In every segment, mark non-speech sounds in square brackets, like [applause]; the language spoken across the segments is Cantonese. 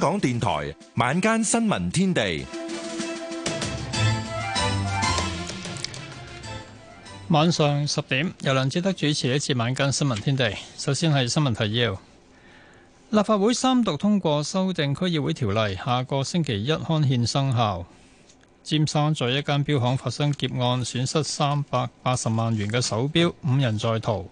香港電臺晚間新聞天地，晚上十點由梁志德主持一次晚間新聞天地。首先係新聞提要：立法會三讀通過修訂區議會條例，下個星期一刊憲生效。尖生在一間錶行，發生劫案，損失三百八十萬元嘅手表，五人在逃。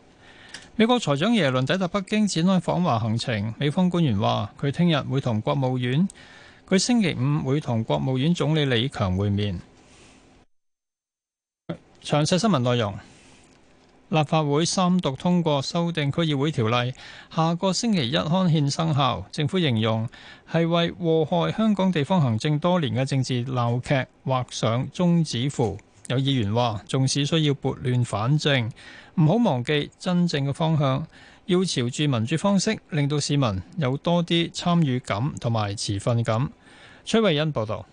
美國財長耶倫抵達北京，展開訪華行程。美方官員話：佢聽日會同國務院，佢星期五會同國務院總理李強會面。詳細新聞內容。立法會三讀通過修訂區議會條例，下個星期一刊憲生效。政府形容係為禍害香港地方行政多年嘅政治鬧劇畫上終止符。有議員話：縱使需要撥亂反正。唔好忘記真正嘅方向，要朝住民主方式，令到市民有多啲參與感同埋持份感。崔慧欣報道，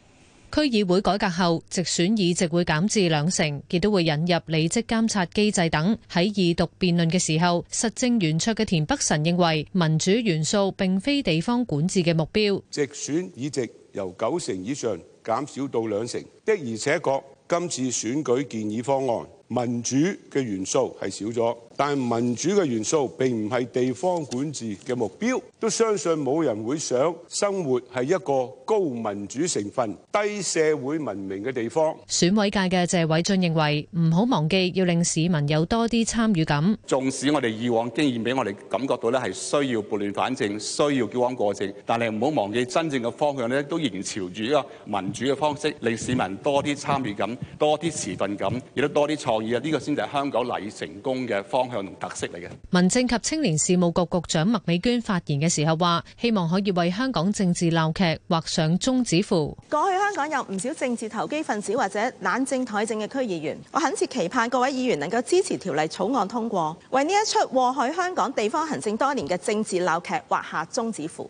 區議會改革後，直選議席會減至兩成，亦都會引入履職監察機制等。喺二讀辯論嘅時候，實政圓桌嘅田北辰認為民主元素並非地方管治嘅目標。直選議席由九成以上減少到兩成，的而且確今次選舉建議方案，民主嘅元素係少咗，但係民主嘅元素並唔係地方管治嘅目標，都相信冇人會想生活係一個高民主成分、低社會文明嘅地方。選委界嘅謝偉俊認為唔好忘記要令市民有多啲參與感。縱使我哋以往經驗俾我哋感覺到咧，係需要撥亂反正、需要矯枉過正，但係唔好忘記真正嘅方向咧，都仍然朝住一個民主嘅方式，令市民多啲參與感、多啲持份感，亦都多啲創呢個先至係香港嚟，成功嘅方向同特色嚟嘅。民政及青年事務局局長麥美娟發言嘅時候話，希望可以為香港政治鬧劇畫上終止符。過去香港有唔少政治投機分子或者懶政怠政嘅區議員，我懇切期盼各位議員能夠支持條例草案通過，為呢一出禍害香港地方行政多年嘅政治鬧劇畫下終止符。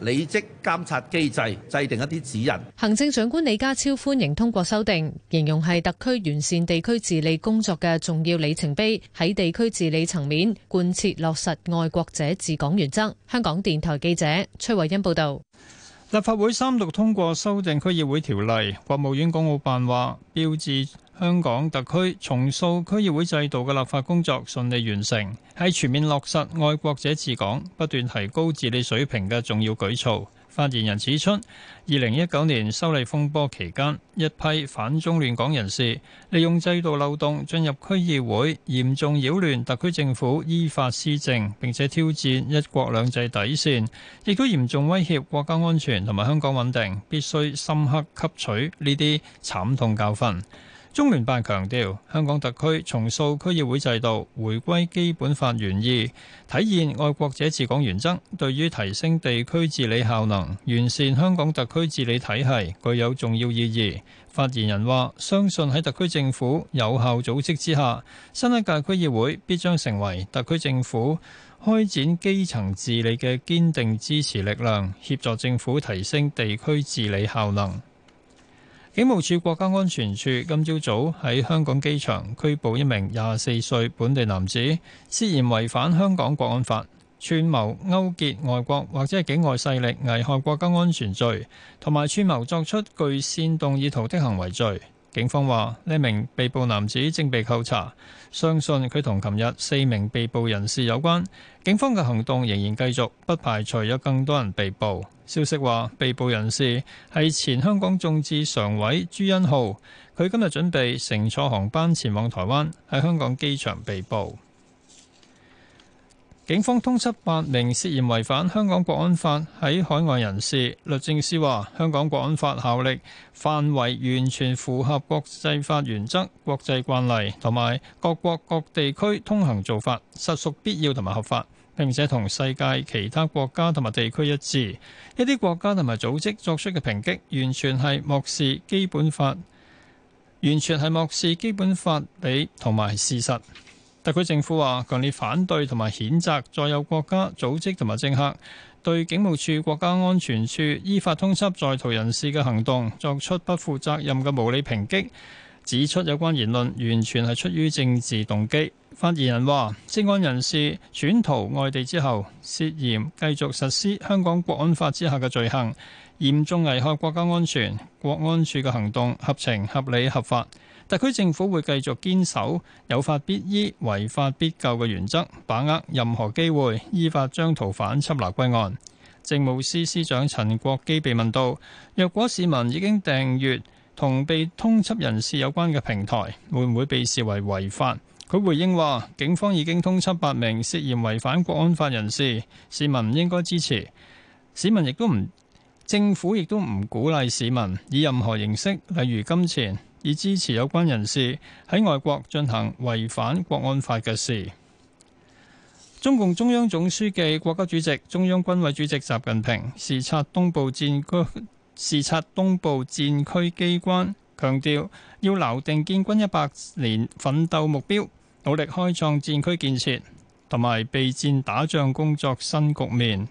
理職監察機制，制定一啲指引。行政長官李家超歡迎通過修訂，形容係特區完善地區治理工作嘅重要里程碑，喺地區治理層面貫徹落實愛國者治港原則。香港電台記者崔慧欣報道。立法會三讀通過修訂區議會條例，國務院港澳辦話，標誌香港特區重塑區議會制度嘅立法工作順利完成，係全面落實愛國者治港、不斷提高治理水平嘅重要舉措。發言人指出，二零一九年修例風波期間，一批反中亂港人士利用制度漏洞進入區議會，嚴重擾亂特區政府依法施政，並且挑戰一國兩制底線，亦都嚴重威脅國家安全同埋香港穩定，必須深刻吸取呢啲慘痛教訓。中聯辦強調，香港特區重塑區議會制度，回歸基本法原意，體現愛國者治港原則，對於提升地區治理效能、完善香港特區治理體系具有重要意義。發言人話：相信喺特區政府有效組織之下，新一屆區議會必將成為特區政府開展基層治理嘅堅定支持力量，協助政府提升地區治理效能。警務處國家安全處今朝早喺香港機場拘捕一名廿四歲本地男子，涉嫌違反香港國安法，串謀勾結外國或者境外勢力，危害國家安全罪，同埋串謀作出具煽動意圖的行為罪。警方話：呢名被捕男子正被扣查，相信佢同琴日四名被捕人士有關。警方嘅行動仍然繼續，不排除有更多人被捕。消息話，被捕人士係前香港眾志常委朱恩浩，佢今日準備乘坐航班前往台灣，喺香港機場被捕。警方通緝八名涉嫌違反香港國安法喺海外人士。律政司話，香港國安法效力範圍完全符合國際法原則、國際慣例同埋各國各地區通行做法，實屬必要同埋合法，並且同世界其他國家同埋地區一致。一啲國家同埋組織作出嘅抨擊，完全係漠視基本法，完全係漠視基本法理同埋事實。特區政府話強烈反對同埋譴責再有國家組織同埋政客對警務處、國家安全處依法通緝在逃人士嘅行動作出不負責任嘅無理抨擊，指出有關言論完全係出於政治動機。發言人話：涉案人士潛逃外地之後，涉嫌繼續實施香港國安法之下嘅罪行，嚴重危害國家安全，國安處嘅行動合情合理合法。特區政府會繼續堅守有法必依、違法必究嘅原則，把握任何機會，依法將逃犯緝拿歸案。政務司司長陳國基被問到：若果市民已經訂閱同被通緝人士有關嘅平台，會唔會被視為違法？佢回應話：警方已經通緝八名涉嫌違反國安法人士，市民唔應該支持。市民亦都唔，政府亦都唔鼓勵市民以任何形式，例如金錢。以支持有關人士喺外國進行違反國安法嘅事。中共中央總書記、國家主席、中央軍委主席習近平視察東部戰區，視察東部戰區機關，強調要留定建軍一百年奮鬥目標，努力開創戰區建設同埋備戰打仗工作新局面。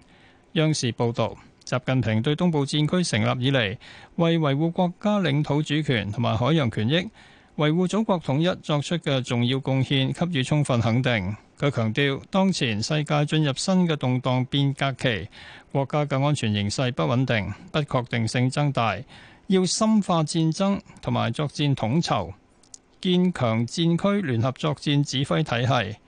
央視報導。習近平對東部戰區成立以嚟為維護國家領土主權同埋海洋權益、維護祖國統一作出嘅重要貢獻給予充分肯定。佢強調，當前世界進入新嘅動盪變革期，國家嘅安全形勢不穩定、不確定性增大，要深化戰爭同埋作戰統籌，建強戰區聯合作戰指揮體系，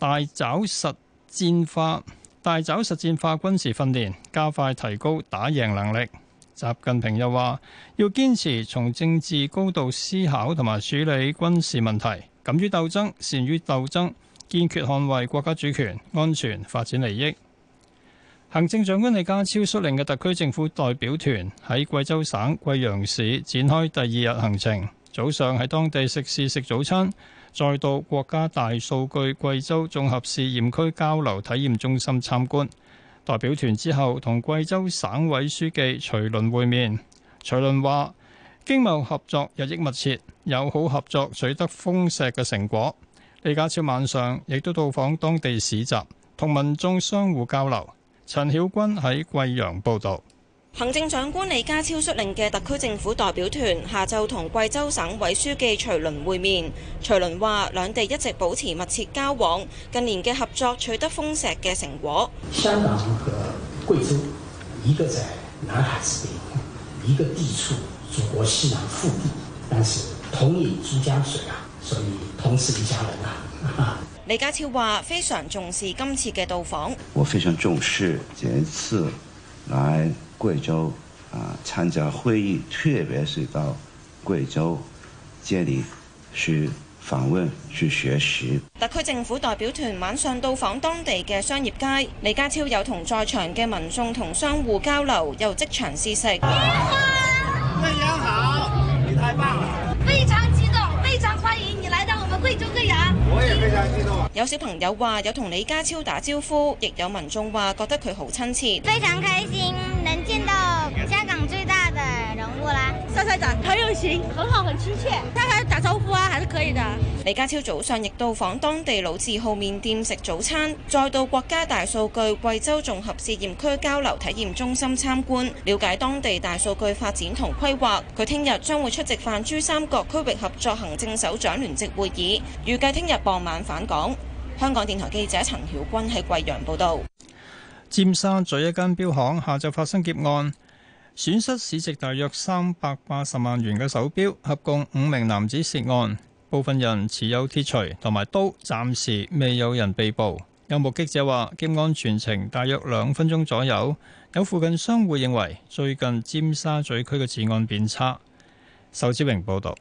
大抓實戰化。大抓實戰化軍事訓練，加快提高打贏能力。習近平又話，要堅持從政治高度思考同埋處理軍事問題，敢於鬥爭，善於鬥爭，堅決捍衛國家主權、安全、發展利益。行政長官李家超率領嘅特區政府代表團喺貴州省貴陽市展開第二日行程，早上喺當地食肆食早餐。再到國家大數據貴州綜合試驗區交流體驗中心參觀，代表團之後同貴州省委書記徐麟會面。徐麟話：經貿合作日益密切，友好合作取得豐碩嘅成果。李家超晚上亦都到訪當地市集，同民眾相互交流。陳曉君喺貴陽報道。行政長官李家超率領嘅特區政府代表團下晝同貴州省委書記徐倫會面。徐倫話：兩地一直保持密切交往，近年嘅合作取得豐碩嘅成果。香港和貴州，一個在南海之濱，一個地處祖國西南腹地，但是同飲珠江水啊，所以同是一家人啦。李家超話：非常重視今次嘅到訪，我非常重視這次來。貴州啊，參加會議，特別是到貴州這裏去訪問去學習。特區政府代表團晚上到訪當地嘅商業街，李家超有同在場嘅民眾同商戶交流，又即場試食。你好，貴陽好，你太棒了！非常激動，非常歡迎你來到我們貴州貴陽。我也非常激動。有小朋友話有同李家超打招呼，亦有民眾話覺得佢好親切，非常開心。沙沙長很有型，很好，很親切，大家打招呼啊，還是可以的。李家超早上亦到訪當地老字號麵店食早餐，再到國家大數據貴州綜合試驗區交流體驗中心參觀，了解當地大數據發展同規劃。佢聽日將會出席泛珠三角區域合作行政首長聯席會議，預計聽日傍晚返港。香港電台記者陳曉君喺貴陽報道。尖沙咀一間錶行下晝發生劫案。損失市值大約三百八十萬元嘅手錶，合共五名男子涉案。部分人持有鐵錘同埋刀，暫時未有人被捕。有目擊者話，劫案全程大約兩分鐘左右。有附近商戶認為最近尖沙咀區嘅治安變差。仇志榮報道。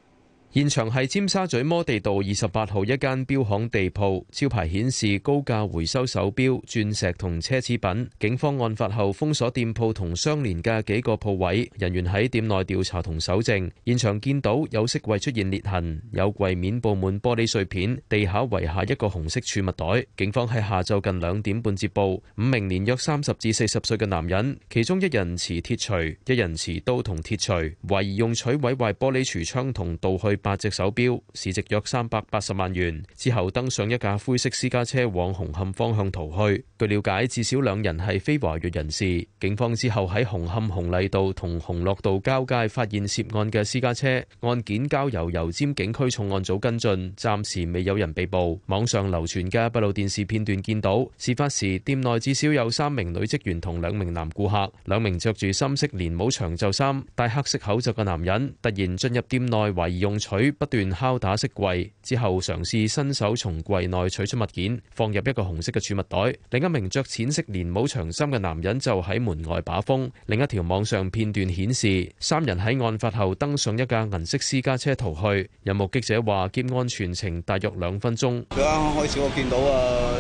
現場係尖沙咀摩地道二十八號一間錶行地鋪，招牌顯示高價回收手錶、鑽石同奢侈品。警方案發後封鎖店鋪同相連嘅幾個鋪位，人員喺店內調查同搜證。現場見到有飾櫃出現裂痕，有櫃面佈滿玻璃碎片，地下遺下一個紅色儲物袋。警方喺下晝近兩點半接報，五名年約三十至四十歲嘅男人，其中一人持鐵錘，一人持刀同鐵錘，懷疑用錘毀壞玻璃櫥窗同盜去八隻手錶，市值約三百八十萬元。之後登上一架灰色私家車，往紅磡方向逃去。據了解，至少兩人係非華裔人士。警方之後喺紅磡紅荔道同紅樂道交界發現涉案嘅私家車。案件交由油尖警區重案組跟進，暫時未有人被捕。網上流傳嘅閉路電視片段見到，事發時店內至少有三名女職員同兩名男顧客，兩名着住深色連帽長袖衫、戴黑色口罩嘅男人突然進入店內，懷疑用。佢不斷敲打色櫃，之後嘗試伸手從櫃內取出物件，放入一個紅色嘅儲物袋。另一名着淺色連帽長衫嘅男人就喺門外把風。另一條網上片段顯示，三人喺案發後登上一架銀色私家車逃去。有目擊者話，劫案全程大約兩分鐘。佢啱啱開始我，我見到啊，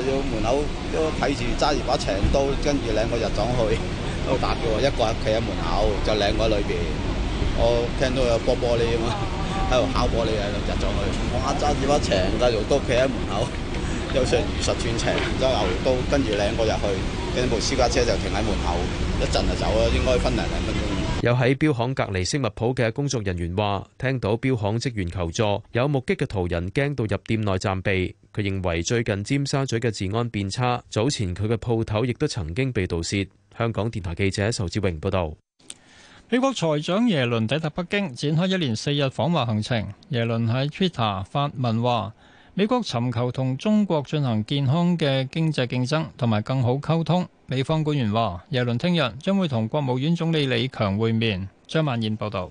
要門口都睇住揸住把長刀，跟住兩個入咗去，都打嘅。一個企喺門口，就兩個喺裏邊。我聽到有波玻璃啊！ [laughs] 喺度敲玻璃啊！咁入咗去，我揸住把長，繼續刀企喺門口，又上二十寸長，然之後又刀，跟住兩個入去，部私家車就停喺門口，一陣就走啦。應該分零零分鐘。有喺標行隔籬飾物鋪嘅工作人員話，聽到標行職員求助，有目擊嘅途人驚到入店內暫避。佢認為最近尖沙咀嘅治安變差，早前佢嘅鋪頭亦都曾經被盜竊。香港電台記者仇志榮報道。美國財長耶倫抵達北京，展開一連四日訪華行程。耶倫喺 Twitter 發文話，美國尋求同中國進行健康嘅經濟競爭，同埋更好溝通。美方官員話，耶倫聽日將會同國務院總理李強會面。張曼燕報道。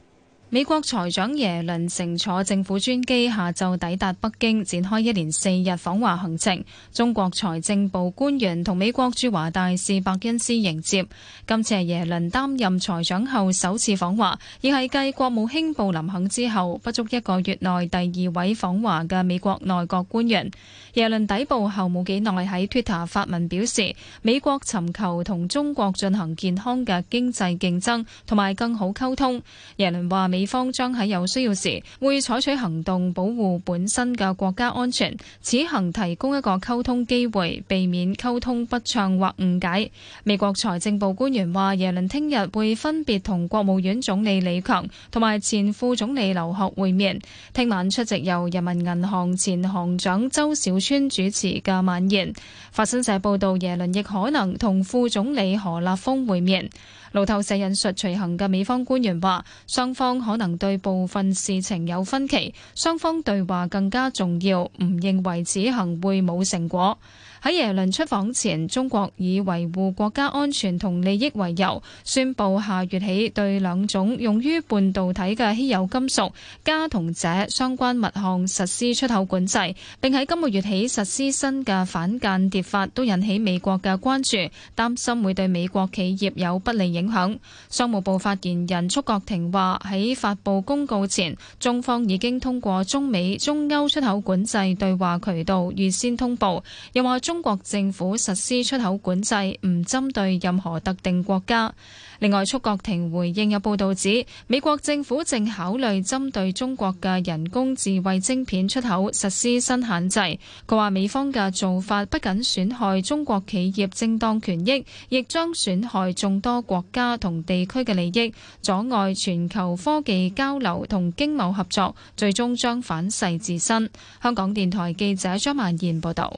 美國財長耶倫乘坐政府專機下晝抵達北京，展開一連四日訪華行程。中國財政部官員同美國駐華大使伯恩斯迎接。今次，係耶倫擔任財長後首次訪華，亦係繼國務卿布林肯之後，不足一個月內第二位訪華嘅美國內閣官員。耶倫抵埗後，冇幾耐喺 Twitter 發文表示，美國尋求同中國進行健康嘅經濟競爭，同埋更好溝通。耶倫話美美方將喺有需要時會採取行動保護本身嘅國家安全。此行提供一個溝通機會，避免溝通不暢或誤解。美國財政部官員話，耶倫聽日會分別同國務院總理李強同埋前副總理劉鶴會面。聽晚出席由人民銀行前行長周小川主持嘅晚宴。法新社報道，耶倫亦可能同副總理何立峰會面。路透社引述隨行嘅美方官員話，雙方可能對部分事情有分歧，雙方對話更加重要，唔認為此行會冇成果。喺耶倫出訪前，中國以維護國家安全同利益為由，宣佈下月起對兩種用於半導體嘅稀有金屬鎵同鍺相關物項實施出口管制，並喺今個月起實施新嘅反間諜法，都引起美國嘅關注，擔心會對美國企業有不利影響。商務部發言人束國婷話：喺發布公告前，中方已經通過中美、中歐出口管制對話渠道預先通報，又話中。中國政府實施出口管制，唔針對任何特定國家。另外，束國庭回應有報道指，美國政府正考慮針對中國嘅人工智慧晶片出口實施新限制。佢話，美方嘅做法不僅損害中國企業正當權益，亦將損害眾多國家同地區嘅利益，阻礙全球科技交流同經貿合作，最終將反噬自身。香港電台記者張曼燕報道。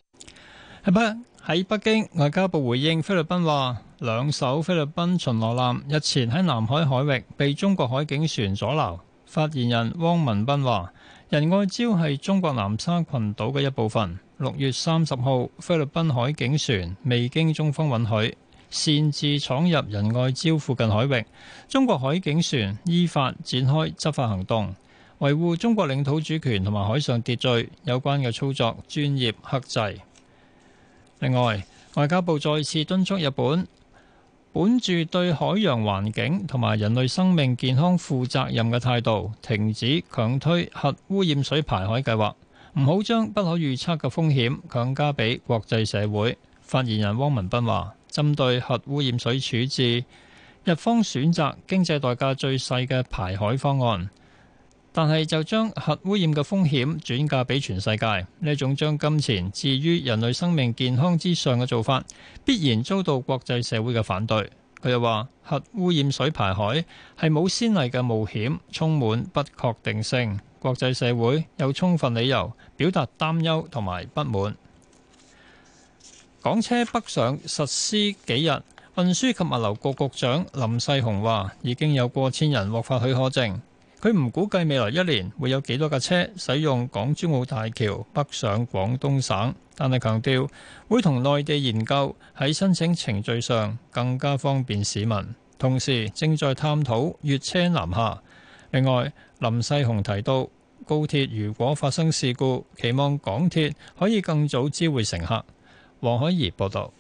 喺北喺北京外交部回應菲律賓話，兩艘菲律賓巡邏艦日前喺南海海域被中國海警船阻撓。發言人汪文斌話，仁愛礁係中國南沙群島嘅一部分。六月三十號，菲律賓海警船未經中方允許，擅自闖入仁愛礁附近海域。中國海警船依法展開執法行動，維護中國領土主權同埋海上秩序。有關嘅操作專業克制。另外，外交部再次敦促日本，本住對海洋環境同埋人類生命健康負責任嘅態度，停止強推核污染水排海計劃，唔好將不可預測嘅風險強加俾國際社會。發言人汪文斌話，針對核污染水處置，日方選擇經濟代價最細嘅排海方案。但係就將核污染嘅風險轉嫁俾全世界，呢種將金錢置於人類生命健康之上嘅做法，必然遭到國際社會嘅反對。佢又話：核污染水排海係冇先例嘅冒險，充滿不確定性，國際社會有充分理由表達擔憂同埋不滿。港車北上實施幾日，運輸及物流局局長林世雄話：已經有過千人獲發許可證。佢唔估計未來一年會有幾多架車使用港珠澳大橋北上廣東省，但係強調會同內地研究喺申請程序上更加方便市民，同時正在探討粵車南下。另外，林世雄提到高鐵如果發生事故，期望港鐵可以更早知會乘客。黃海怡報導。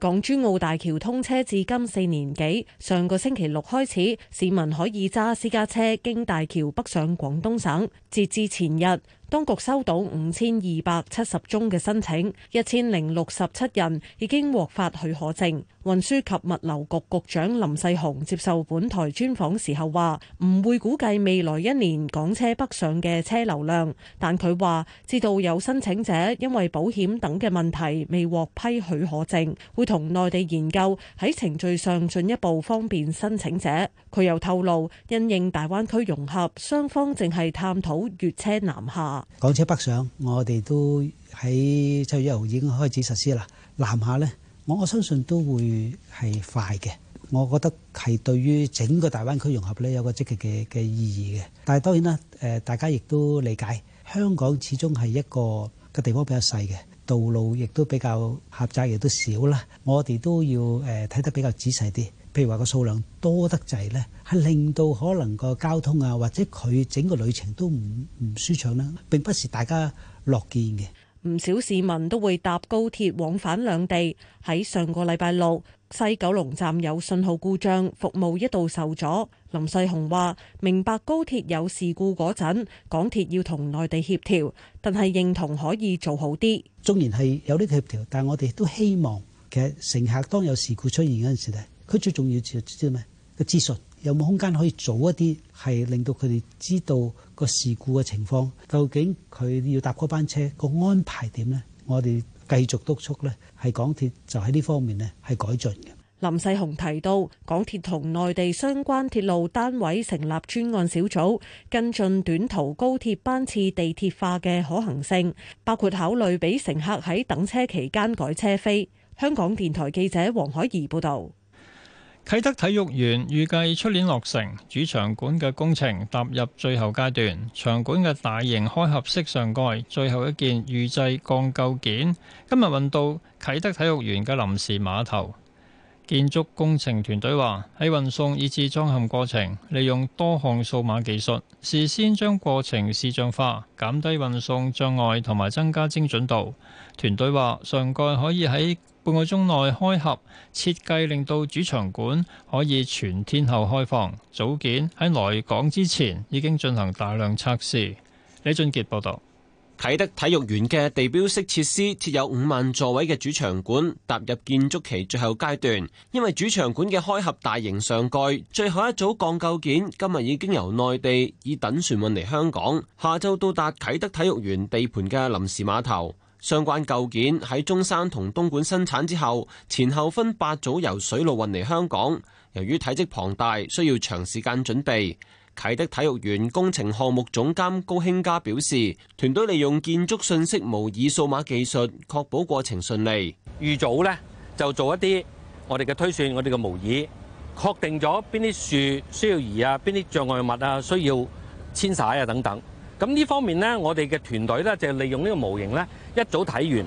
港珠澳大橋通車至今四年幾，上個星期六開始，市民可以揸私家車經大橋北上廣東省。截至前日，當局收到五千二百七十宗嘅申請，一千零六十七人已經獲發許可證。運輸及物流局局長林世雄接受本台專訪時候話，唔會估計未來一年港車北上嘅車流量，但佢話知道有申請者因為保險等嘅問題未獲批許可證，會同內地研究喺程序上進一步方便申請者。佢又透露，因應大灣區融合，雙方正係探討粵車南下。港車北上，我哋都喺七月一號已經開始實施啦，南下呢？我相信都會係快嘅，我覺得係對於整個大灣區融合呢，有個積極嘅嘅意義嘅。但係當然啦，誒、呃、大家亦都理解，香港始終係一個個地方比較細嘅，道路亦都比較狹窄，亦都少啦。我哋都要誒睇、呃、得比較仔細啲，譬如話個數量多得滯呢，係令到可能個交通啊，或者佢整個旅程都唔唔舒暢啦。並不是大家樂見嘅。唔少市民都會搭高鐵往返兩地。喺上個禮拜六，西九龍站有信號故障，服務一度受阻。林世雄話：明白高鐵有事故嗰陣，港鐵要同內地協調，但係認同可以做好啲。縱然係有啲協調，但係我哋都希望其實乘客當有事故出現嗰陣時咧，佢最重要就知咩？個資訊。有冇空間可以早一啲，係令到佢哋知道個事故嘅情況，究竟佢要搭嗰班車個安排點咧？我哋繼續督促咧，係港鐵就喺呢方面咧係改進嘅。林世雄提到，港鐵同內地相關鐵路單位成立專案小組跟進短途高鐵班次地鐵化嘅可行性，包括考慮俾乘客喺等車期間改車飛。香港電台記者黃海怡報道。啟德體育園預計出年落成，主場館嘅工程踏入最後階段。場館嘅大型開合式上蓋最後一件預製鋼構件今日運到啟德體育園嘅臨時碼頭。建築工程團隊話喺運送以至裝嵌過程，利用多項數碼技術，事先將過程視像化，減低運送障礙同埋增加精準度。團隊話上蓋可以喺半個鐘內開合設計，設計令到主場館可以全天候開放。組件喺來港之前已經進行大量測試。李俊杰報道：啟德體育園嘅地標式設施設有五萬座位嘅主場館，踏入建築期最後階段。因為主場館嘅開合大型上蓋最後一組鋼構件，今日已經由內地以躉船運嚟香港，下晝到達啟德體育園地盤嘅臨時碼頭。相關構件喺中山同東莞生產之後，前後分八組由水路運嚟香港。由於體積龐大，需要長時間準備。啟德體育園工程項目總監高興嘉表示，團隊利用建築信息模擬數碼技術，確保過程順利。預早呢，就做一啲我哋嘅推算，我哋嘅模擬，確定咗邊啲樹需要移啊，邊啲障礙物啊需要遷徙啊等等。咁呢方面呢，我哋嘅團隊呢，就係利用呢個模型呢，一早睇完，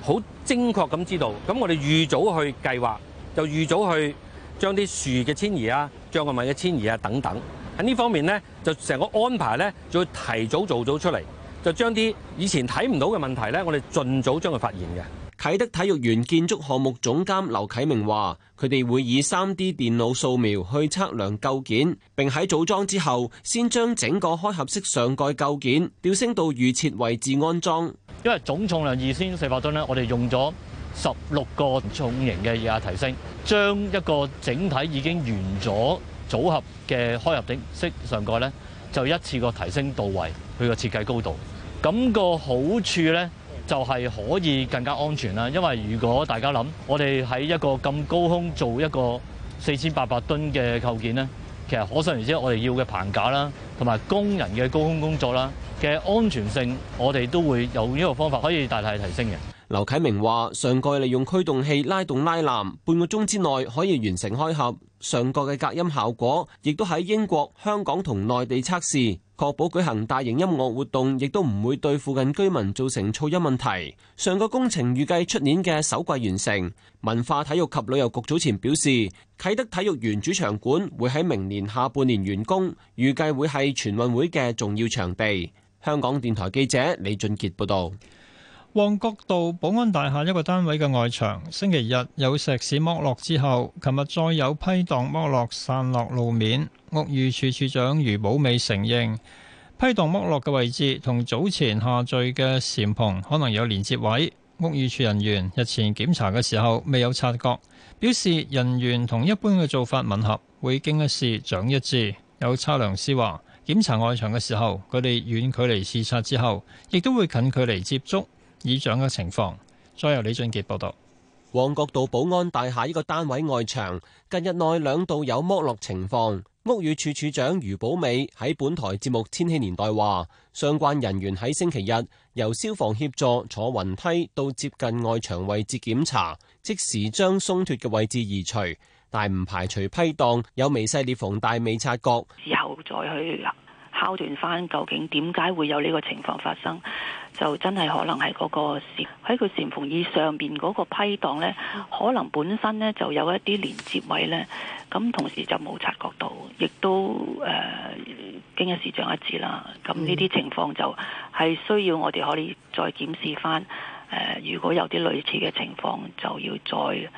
好精確咁知道。咁我哋預早去計劃，就預早去將啲樹嘅遷移啊、障礙物嘅遷移啊等等。喺呢方面呢，就成個安排呢，就會提早做咗出嚟，就將啲以前睇唔到嘅問題呢，我哋盡早將佢發現嘅。啟德體育園建築項目總監劉啟明話：佢哋會以 3D 電腦掃描去測量構件，並喺組裝之後，先將整個開合式上蓋構件吊升到預設位置安裝。因為總重量二千四百噸咧，我哋用咗十六個重型嘅液壓提升，將一個整體已經完咗組合嘅開合式上蓋呢，就一次過提升到位佢個設計高度。咁個好處呢，就係可以更加安全啦，因為如果大家諗，我哋喺一個咁高空做一個四千八百噸嘅構件呢，其實可想而知，我哋要嘅棚架啦，同埋工人嘅高空工作啦嘅安全性，我哋都會有呢個方法可以大大提升嘅。劉啟明話：上蓋利用驅動器拉動拉纜，半個鐘之內可以完成開合。上蓋嘅隔音效果亦都喺英國、香港同內地測試，確保舉行大型音樂活動亦都唔會對附近居民造成噪音問題。上個工程預計出年嘅首季完成。文化體育及旅遊局早前表示，啟德體育園主場館會喺明年下半年完工，預計會係全運會嘅重要場地。香港電台記者李俊杰報道。旺角道保安大廈一個單位嘅外牆，星期日有石屎剝落之後，琴日再有批盪剝落散落路面。屋宇署署長余寶美承認，批盪剝落嘅位置同早前下墜嘅簷篷可能有連接位。屋宇署人員日前檢查嘅時候未有察覺，表示人員同一般嘅做法吻合，會經一事長一智。有測量師話，檢查外牆嘅時候，佢哋遠距離視察之後，亦都會近距離接觸。以上嘅情況，再由李俊杰報道。旺角道保安大廈呢個單位外牆近日內兩度有剝落情況，屋宇處處，處長余寶美喺本台節目《千禧年代》話，相關人員喺星期日由消防協助坐雲梯到接近外牆位置檢查，即時將鬆脫嘅位置移除，但唔排除批檔有微細裂縫大未察覺，以後再去拋斷返究竟點解會有呢個情況發生，就真係可能係嗰、嗰個喺佢 [music] 潛縫以上邊嗰個批盪呢，可能本身呢就有一啲連接位呢。咁同時就冇察覺到，亦都誒經、呃、一事長一智啦。咁呢啲情況就係需要我哋可以再檢視返。誒、呃、如果有啲類似嘅情況，就要再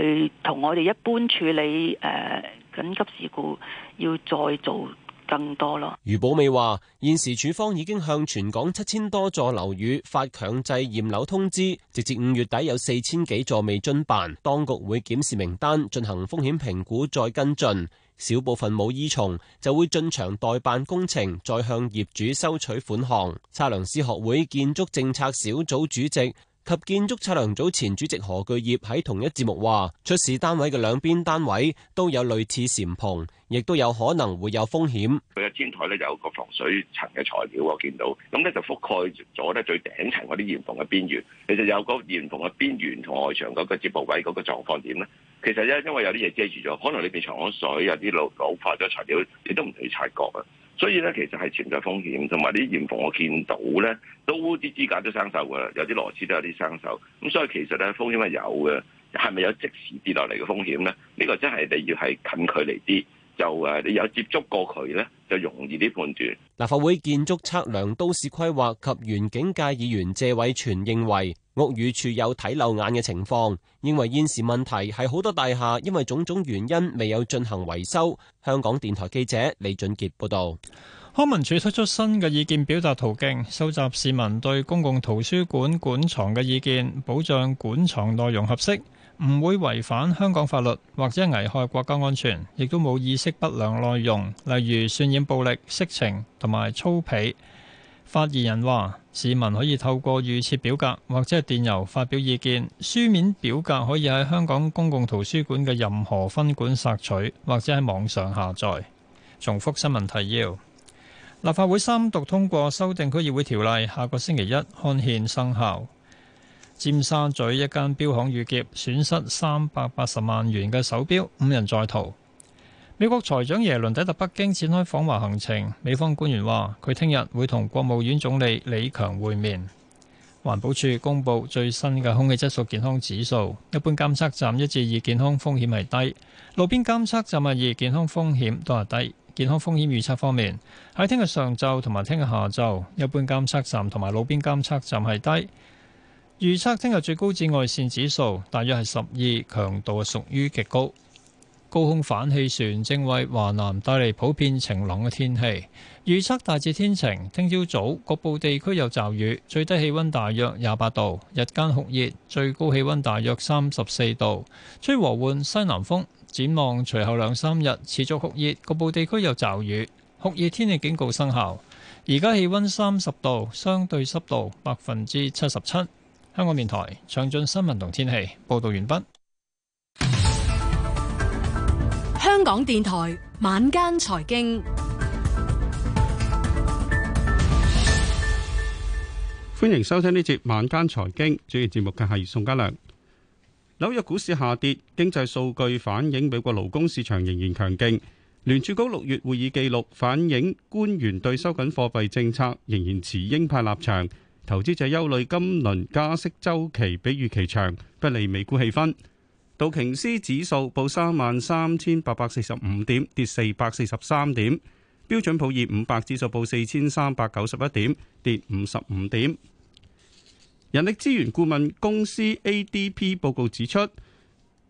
去同我哋一般處理。誒、呃、緊急事故要再做。更多咯。余寶美話：現時署方已經向全港七千多座樓宇發強制驗樓通知，直至五月底有四千幾座未遵辦，當局會檢視名單，進行風險評估再跟進。小部分冇依從，就會進場代辦工程，再向業主收取款項。測量師學會建築政策小組主席。及建築測量組前主席何巨業喺同一節目話：出事單位嘅兩邊單位都有類似簷篷，亦都有可能會有風險。佢嘅天台咧有個防水層嘅材料，我見到，咁咧就覆蓋咗咧最頂層嗰啲簷篷嘅邊緣。其實有個簷篷嘅邊緣同外牆嗰個接駁位嗰個狀況點咧？其實咧因為有啲嘢遮住咗，可能裏邊藏咗水，有啲老老化咗材料，你都唔會察覺嘅。所以咧，其實係存在風險，同埋啲簷篷我見到咧，都啲支架都生鏽噶啦，有啲螺絲都有啲生鏽。咁所以其實咧，風險係有嘅，係咪有即時跌落嚟嘅風險咧？呢、呢個真係你要係近距離啲。就誒，你有接觸過佢咧，就容易啲判斷。立法會建築測量、都市規劃及園境界議員謝偉銓認為屋宇署有睇漏眼嘅情況，認為現時問題，係好多大廈因為種種原因未有進行維修。香港電台記者李俊杰報道。康文署推出新嘅意見表達途徑，收集市民對公共圖書館館藏嘅意見，保障館藏內容合適。唔會違反香港法律，或者危害國家安全，亦都冇意識不良內容，例如渲染暴力、色情同埋粗鄙。發言人話：市民可以透過預設表格或者電郵發表意見，書面表格可以喺香港公共圖書館嘅任何分館索取，或者喺網上下載。重複新聞提要：立法會三讀通過修訂區議會條例，下個星期一刊憲生效。尖沙咀一間錶行遇劫，損失三百八十萬元嘅手錶，五人在逃。美國財長耶倫抵達北京，展開訪華行程。美方官員話：佢聽日會同國務院總理李強會面。環保署公布最新嘅空氣質素健康指數，一般監測站一至二健康風險係低，路邊監測站啊二健康風險都係低。健康風險預測方面，喺聽日上晝同埋聽日下晝，一般監測站同埋路邊監測站係低。預測聽日最高紫外線指數大約係十二，強度係屬於極高。高空反氣旋正為華南帶嚟普遍晴朗嘅天氣。預測大致天晴，聽朝早局部地區有驟雨，最低氣温大約廿八度，日間酷熱，最高氣温大約三十四度，吹和緩西南風。展望隨後兩三日持續酷熱，局部地區有驟雨，酷熱天氣警告生效。而家氣温三十度，相對濕度百分之七十七。香港電台詳盡新聞同天氣報道完畢。香港電台晚間財經，歡迎收聽呢節晚間財經，主要節目嘅係宋家良。紐約股市下跌，經濟數據反映美國勞工市場仍然強勁。聯儲局六月會議記錄反映官員對收緊貨幣政策仍然持鷹派立場。投資者憂慮今輪加息周期比預期長，不利美股氣氛。道瓊斯指數報三萬三千八百四十五點，跌四百四十三點；標準普爾五百指數報四千三百九十一點，跌五十五點。人力資源顧問公司 ADP 報告指出，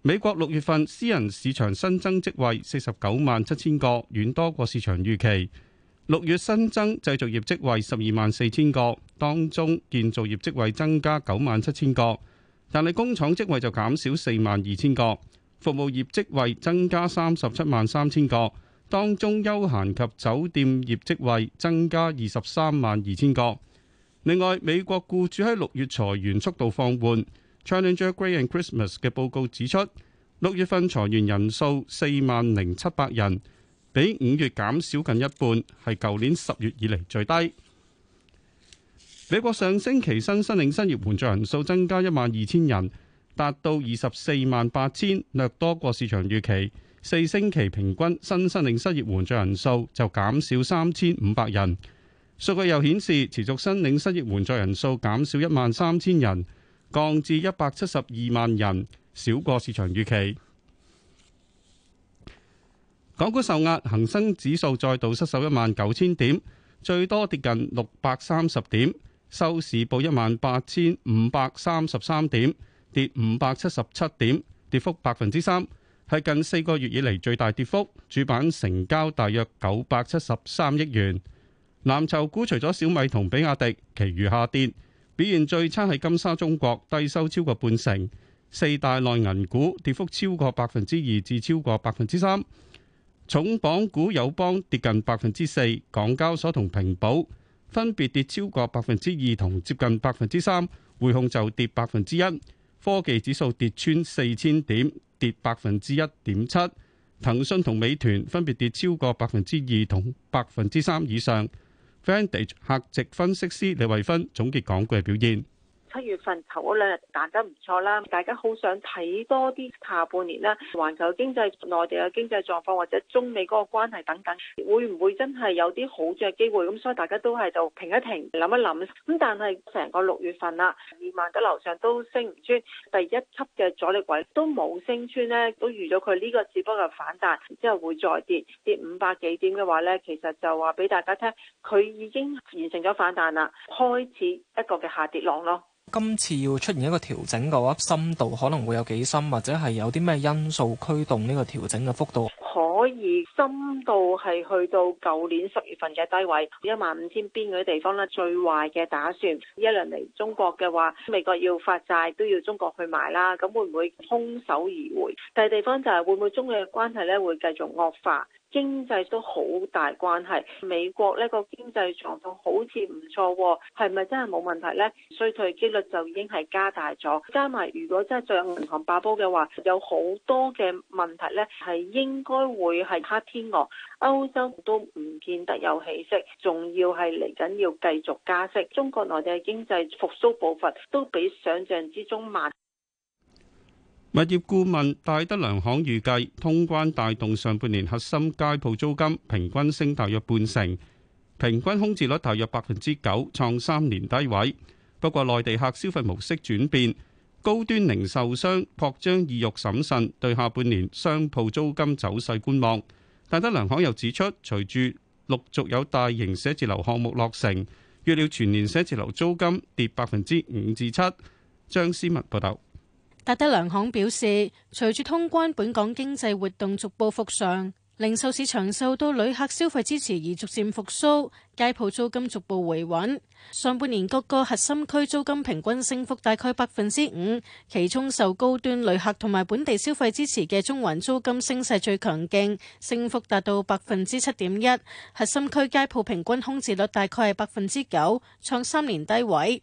美國六月份私人市場新增職位四十九萬七千個，遠多過市場預期。六月新增製造業職位十二萬四千個。當中建造業職位增加九萬七千個，但係工廠職位就減少四萬二千個，服務業職位增加三十七萬三千個，當中休閒及酒店業職位增加二十三萬二千個。另外，美國僱主喺六月裁員速度放緩，Challenger Grey and Christmas 嘅報告指出，六月份裁員人數四萬零七百人，比五月減少近一半，係舊年十月以嚟最低。美國上星期新申領失業援助人數增加一萬二千人，達到二十四萬八千，略多過市場預期。四星期平均新申領失業援助人數就減少三千五百人。數據又顯示，持續申領失業援助人數減少一萬三千人，降至一百七十二萬人，少過市場預期。港股受壓，恒生指數再度失守一萬九千點，最多跌近六百三十點。收市報一萬八千五百三十三點，跌五百七十七點，跌幅百分之三，係近四個月以嚟最大跌幅。主板成交大約九百七十三億元。藍籌股除咗小米同比亞迪，其餘下跌。表現最差係金沙中國，低收超過半成。四大內銀股跌幅超過百分之二至超過百分之三。重磅股友邦跌近百分之四，港交所同平保。分別跌超過百分之二同接近百分之三，匯控就跌百分之一。科技指數跌穿四千點，跌百分之一點七。騰訊同美團分別跌超過百分之二同百分之三以上。f a n d a g e 客席分析師李慧芬總結港股嘅表現。七月份頭嗰兩日彈得唔錯啦，大家好想睇多啲下半年啦，環球經濟、內地嘅經濟狀況或者中美嗰個關係等等，會唔會真係有啲好嘅機會？咁所以大家都喺度停一停，諗一諗。咁但係成個六月份啦，二萬得樓上都升唔穿，第一級嘅阻力位都冇升穿咧，都預咗佢呢個只不過反彈，之後會再跌跌五百幾點嘅話呢，其實就話俾大家聽，佢已經完成咗反彈啦，開始一個嘅下跌浪咯。今次要出現一個調整嘅話，深度可能會有幾深，或者係有啲咩因素驅動呢個調整嘅幅度？可以深度係去到舊年十月份嘅低位一萬五千邊嗰啲地方咧，最壞嘅打算。呢一輪嚟中國嘅話，美國要發債都要中國去買啦，咁會唔會空手而回？第二地方就係會唔會中美嘅關係咧，會繼續惡化？經濟都好大關係，美國呢個經濟狀況好似唔錯喎、啊，係咪真係冇問題呢？衰退機率就已經係加大咗，加埋如果真係再有銀行爆煲嘅話，有好多嘅問題呢係應該會係黑天鵝。歐洲都唔見得有起色，仲要係嚟緊要繼續加息。中國內地經濟復甦步伐都比想像之中慢。物業顧問戴德梁行預計，通關帶動上半年核心街鋪租金平均升大約半成，平均空置率大約百分之九，創三年低位。不過，內地客消費模式轉變，高端零售商擴張意欲審慎，對下半年商鋪租金走勢觀望。戴德梁行又指出，隨住陸續有大型寫字樓項目落成，預料全年寫字樓租金跌百分之五至七。張思文報道。達德良行表示，隨住通關，本港經濟活動逐步復常，零售市場受到旅客消費支持而逐漸復蘇。街鋪租金逐步回穩，上半年各個核心區租金平均升幅大概百分之五，其中受高端旅客同埋本地消費支持嘅中環租金升勢最強勁，升幅達到百分之七點一。核心區街鋪平均空置率大概係百分之九，創三年低位。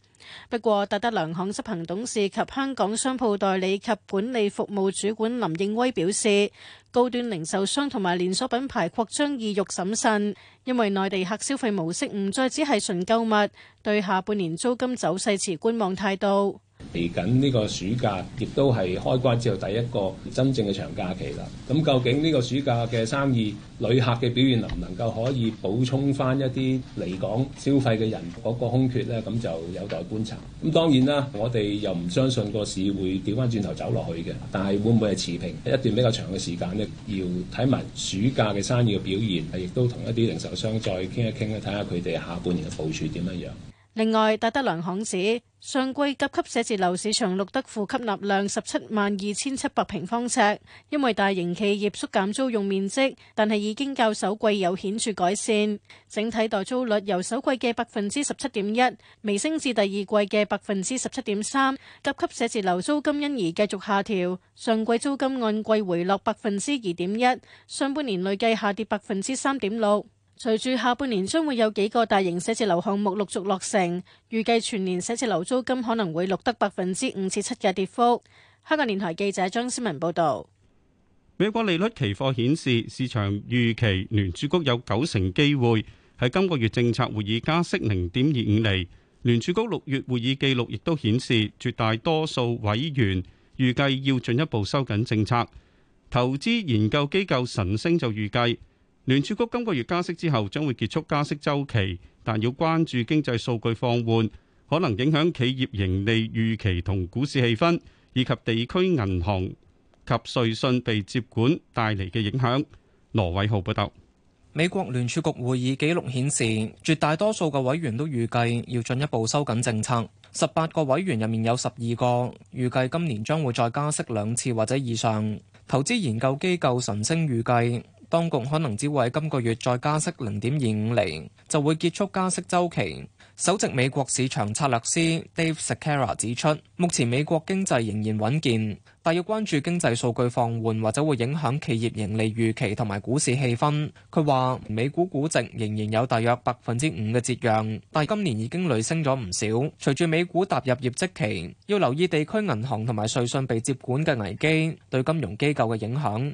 不過，戴德梁行執行董事及香港商鋪代理及管理服務主管林應威表示，高端零售商同埋連鎖品牌擴張意欲審慎，因為內地客消費模式唔再只係純購物，對下半年租金走勢持觀望態度。嚟緊呢個暑假亦都係開關之後第一個真正嘅長假期啦。咁究竟呢個暑假嘅生意、旅客嘅表現能唔能夠可以補充翻一啲嚟港消費嘅人嗰個空缺呢？咁就有待觀察。咁當然啦，我哋又唔相信個市會掉翻轉頭走落去嘅。但係會唔會係持平一段比較長嘅時間咧？要睇埋暑假嘅生意嘅表現，亦都同一啲零售商再傾一傾咧，睇下佢哋下半年嘅部署點樣樣。另外，戴德梁行指上季甲級寫字樓市場錄得負吸納量十七萬二千七百平方尺，因為大型企業縮減租用面積，但係已經較首季有顯著改善。整體待租率由首季嘅百分之十七點一微升至第二季嘅百分之十七點三，甲級寫字樓租金因而繼續下調，上季租金按季回落百分之二點一，上半年累計下跌百分之三點六。隨住下半年將會有幾個大型寫字樓項目陸續落成，預計全年寫字樓租金可能會錄得百分之五至七嘅跌幅。香港電台記者張思文報道。美國利率期貨顯示，市場預期聯儲局有九成機會喺今個月政策會議加息零點二五厘。聯儲局六月會議記錄亦都顯示，絕大多數委員預計要進一步收緊政策。投資研究機構晨星就預計。聯儲局今個月加息之後，將會結束加息周期，但要關注經濟數據放緩，可能影響企業盈利預期同股市氣氛，以及地區銀行及瑞信被接管帶嚟嘅影響。羅偉浩報道。美國聯儲局會議記錄顯示，絕大多數嘅委員都預計要進一步收緊政策。十八個委員入面有十二個預計今年將會再加息兩次或者以上。投資研究機構晨星預計。當局可能只會喺今個月再加息零點二五厘，就會結束加息周期。首席美國市場策略師 Dave Sekera 指出，目前美國經濟仍然穩健，但要關注經濟數據放緩或者會影響企業盈利預期同埋股市氣氛。佢話，美股估值仍然有大約百分之五嘅折讓，但今年已經累升咗唔少。隨住美股踏入業績期，要留意地區銀行同埋瑞信被接管嘅危機對金融機構嘅影響。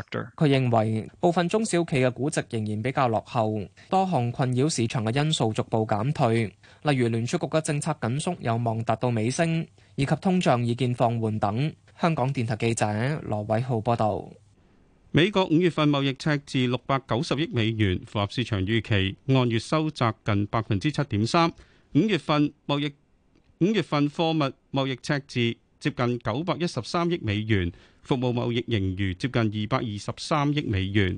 佢認為部分中小企嘅估值仍然比較落後，多項困擾市場嘅因素逐步減退，例如聯儲局嘅政策緊縮有望達到尾聲，以及通脹已見放緩等。香港電台記者羅偉浩報道：美國五月份貿易赤字六百九十億美元，符合市場預期，按月收窄近百分之七點三。五月份貿易五月份貨物貿易赤字接近九百一十三億美元。服務貿易盈餘接近二百二十三億美元。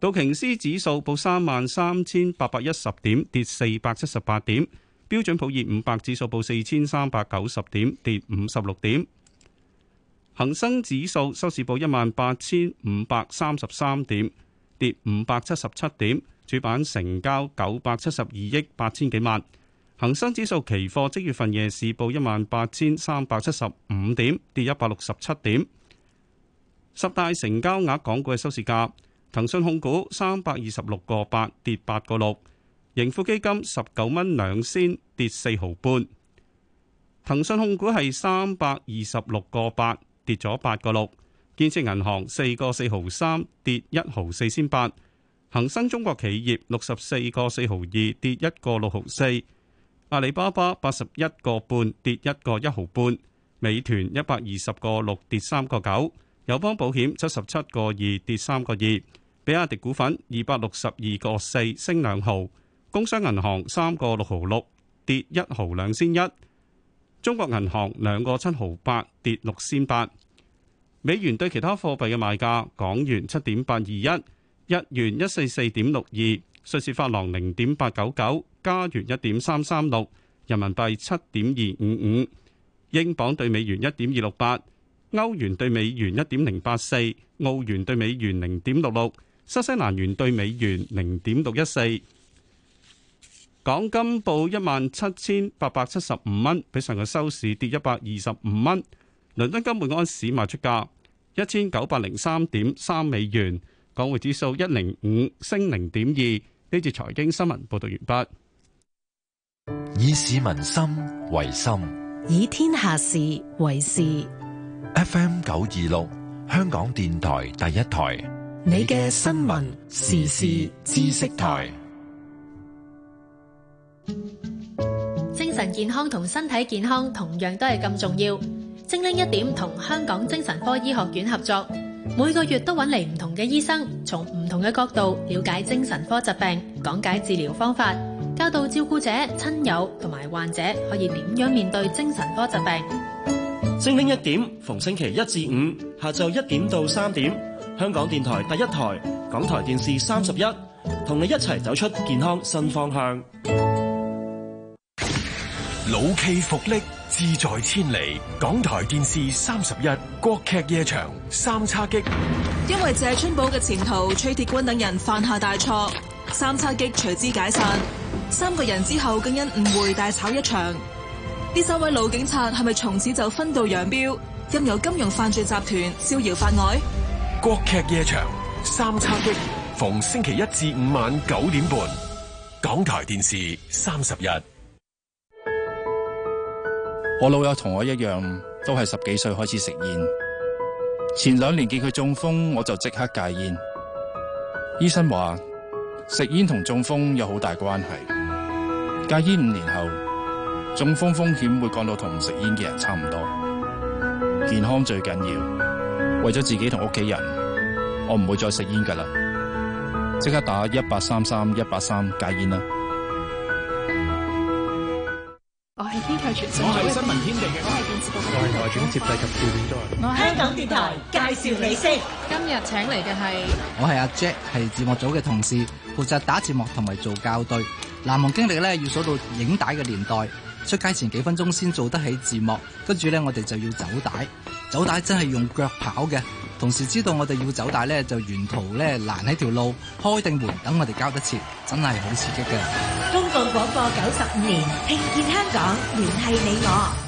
道瓊斯指數報三萬三千八百一十點，跌四百七十八點。標準普爾五百指數報四千三百九十點，跌五十六點。恒生指數收市報一萬八千五百三十三點，跌五百七十七點。主板成交九百七十二億八千幾萬。恒生指數期貨即月份夜市報一萬八千三百七十五點，跌一百六十七點。十大成交額港股嘅收市價，騰訊控股三百二十六個八，跌八個六；盈富基金十九蚊兩仙，跌四毫半。騰訊控股係三百二十六個八，跌咗八個六。建設銀行四個四毫三，跌一毫四仙八。恒生中國企業六十四個四毫二，跌一個六毫四。阿里巴巴八十一個半跌一個一毫半，美團一百二十個六跌三個九，友邦保險七十七個二跌三個二，比亞迪股份二百六十二個四升兩毫，工商銀行三個六毫六跌一毫兩仙一，中國銀行兩個七毫八跌六仙八，美元兌其他貨幣嘅賣價，港元七點八二一，日元一四四點六二。瑞士法郎零點八九九，加元一點三三六，人民幣七點二五五，英鎊兌美元一點二六八，歐元兌美元一點零八四，澳元兌美元零點六六，新西蘭元兌美元零點六一四。港金報一萬七千八百七十五蚊，比上個收市跌一百二十五蚊。倫敦金每安士賣出價一千九百零三點三美元。港匯指數一零五升零點二。呢節財經新聞報道完畢，以市民心為心，以天下事為事。FM 九二六，香港電台第一台，你嘅新聞時事知識台。精神健康同身體健康同樣都係咁重要，精靈一點同香港精神科醫學院合作。每個月都揾嚟唔同嘅醫生，從唔同嘅角度了解精神科疾病，講解治療方法，教導照顧者、親友同埋患者可以點樣面對精神科疾病。精靈一點，逢星期一至五下晝一點到三點，香港電台第一台、港台電視三十一，同你一齊走出健康新方向。老驥伏櫪，志在千里。港台電視三十一，國劇夜場三叉戟。因為謝春寶嘅前途，崔鐵軍等人犯下大錯，三叉戟隨之解散。三個人之後，更因誤會大吵一場。呢三位老警察係咪從此就分道揚鑣，任由金融犯罪集團逍遙法外？國劇夜場三叉戟，逢星期一至五晚九點半。港台電視三十一。我老友同我一樣，都係十幾歲開始食煙。前兩年見佢中風，我就即刻戒煙。醫生話食煙同中風有好大關係。戒煙五年後，中風風險會降到同唔食煙嘅人差唔多。健康最緊要，為咗自己同屋企人，我唔會再食煙噶啦。即刻打一八三三一八三戒煙啦！我係新聞天地嘅，我係電視台嘅，我係台總接待及副總。我香港電台介紹你先，今日請嚟嘅係我係阿 Jack，係節目組嘅同事，負責打節目同埋做校對。難忘經歷咧，要數到影帶嘅年代。出街前幾分鐘先做得起字幕，跟住咧我哋就要走帶，走帶真係用腳跑嘅。同時知道我哋要走帶咧，就沿途咧攔喺條路開定門等我哋交得切，真係好刺激嘅。公共廣播九十五年，聽見香港，聯繫你我。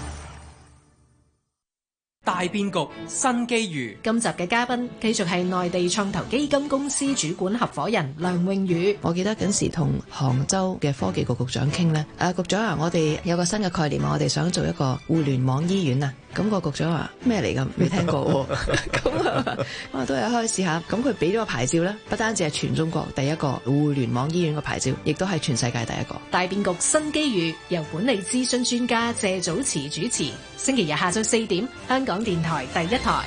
大變局，新機遇。今集嘅嘉賓繼續係內地創投基金公司主管合伙人梁穎宇。 [noise] 我記得緊時同杭州嘅科技局局長傾咧，啊局長啊，我哋有個新嘅概念，我哋想做一個互聯網醫院啊。咁個局長話咩嚟？咁未聽過，咁啊都係開始試吓。咁佢俾咗個牌照，咧，不單止係全中國第一個互聯網醫院嘅牌照，亦都係全世界第一個。大變局，新機遇，由管理諮詢專家謝祖慈主持，星期日下晝四點，香港電台第一台。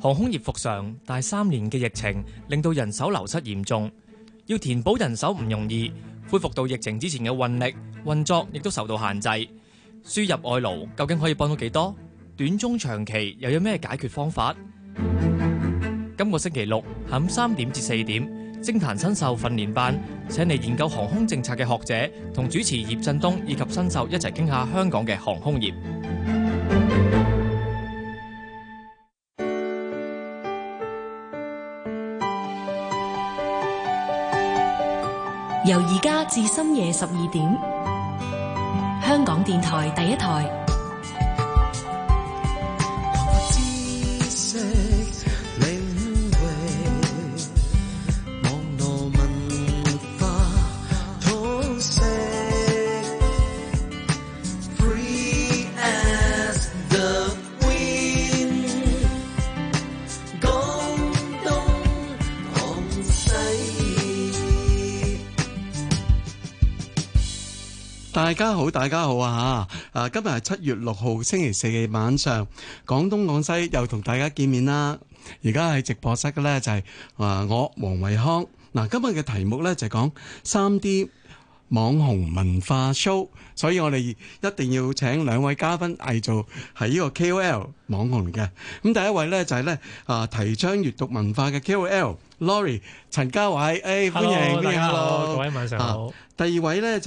航空業復常，但係三年嘅疫情令到人手流失嚴重，要填補人手唔容易，恢復到疫情之前嘅運力運作，亦都受到限制。輸入外勞究竟可以幫到幾多？短中長期又有咩解決方法？ [music] 今個星期六下午三點至四點，政壇新秀訓練班，請嚟研究航空政策嘅學者同主持葉振東以及新秀一齊傾下香港嘅航空業。由而家至深夜十二點。香港電台第一台。大家好，大家好啊！啊，今日係七月六號星期四嘅晚上，廣東廣西又同大家見面啦。而家喺直播室嘅呢就係啊，我黃維康。嗱，今日嘅題目呢就係講三 D 網紅文化 show，所以我哋一定要請兩位嘉賓嚟做，係呢個 KOL 網紅嘅。咁第一位呢就係呢啊，提倡閱讀文化嘅 KOL Lori 陳嘉偉，誒、hey，Hello, 歡迎，大家好，hello. 各位晚上好。第二位呢，就係。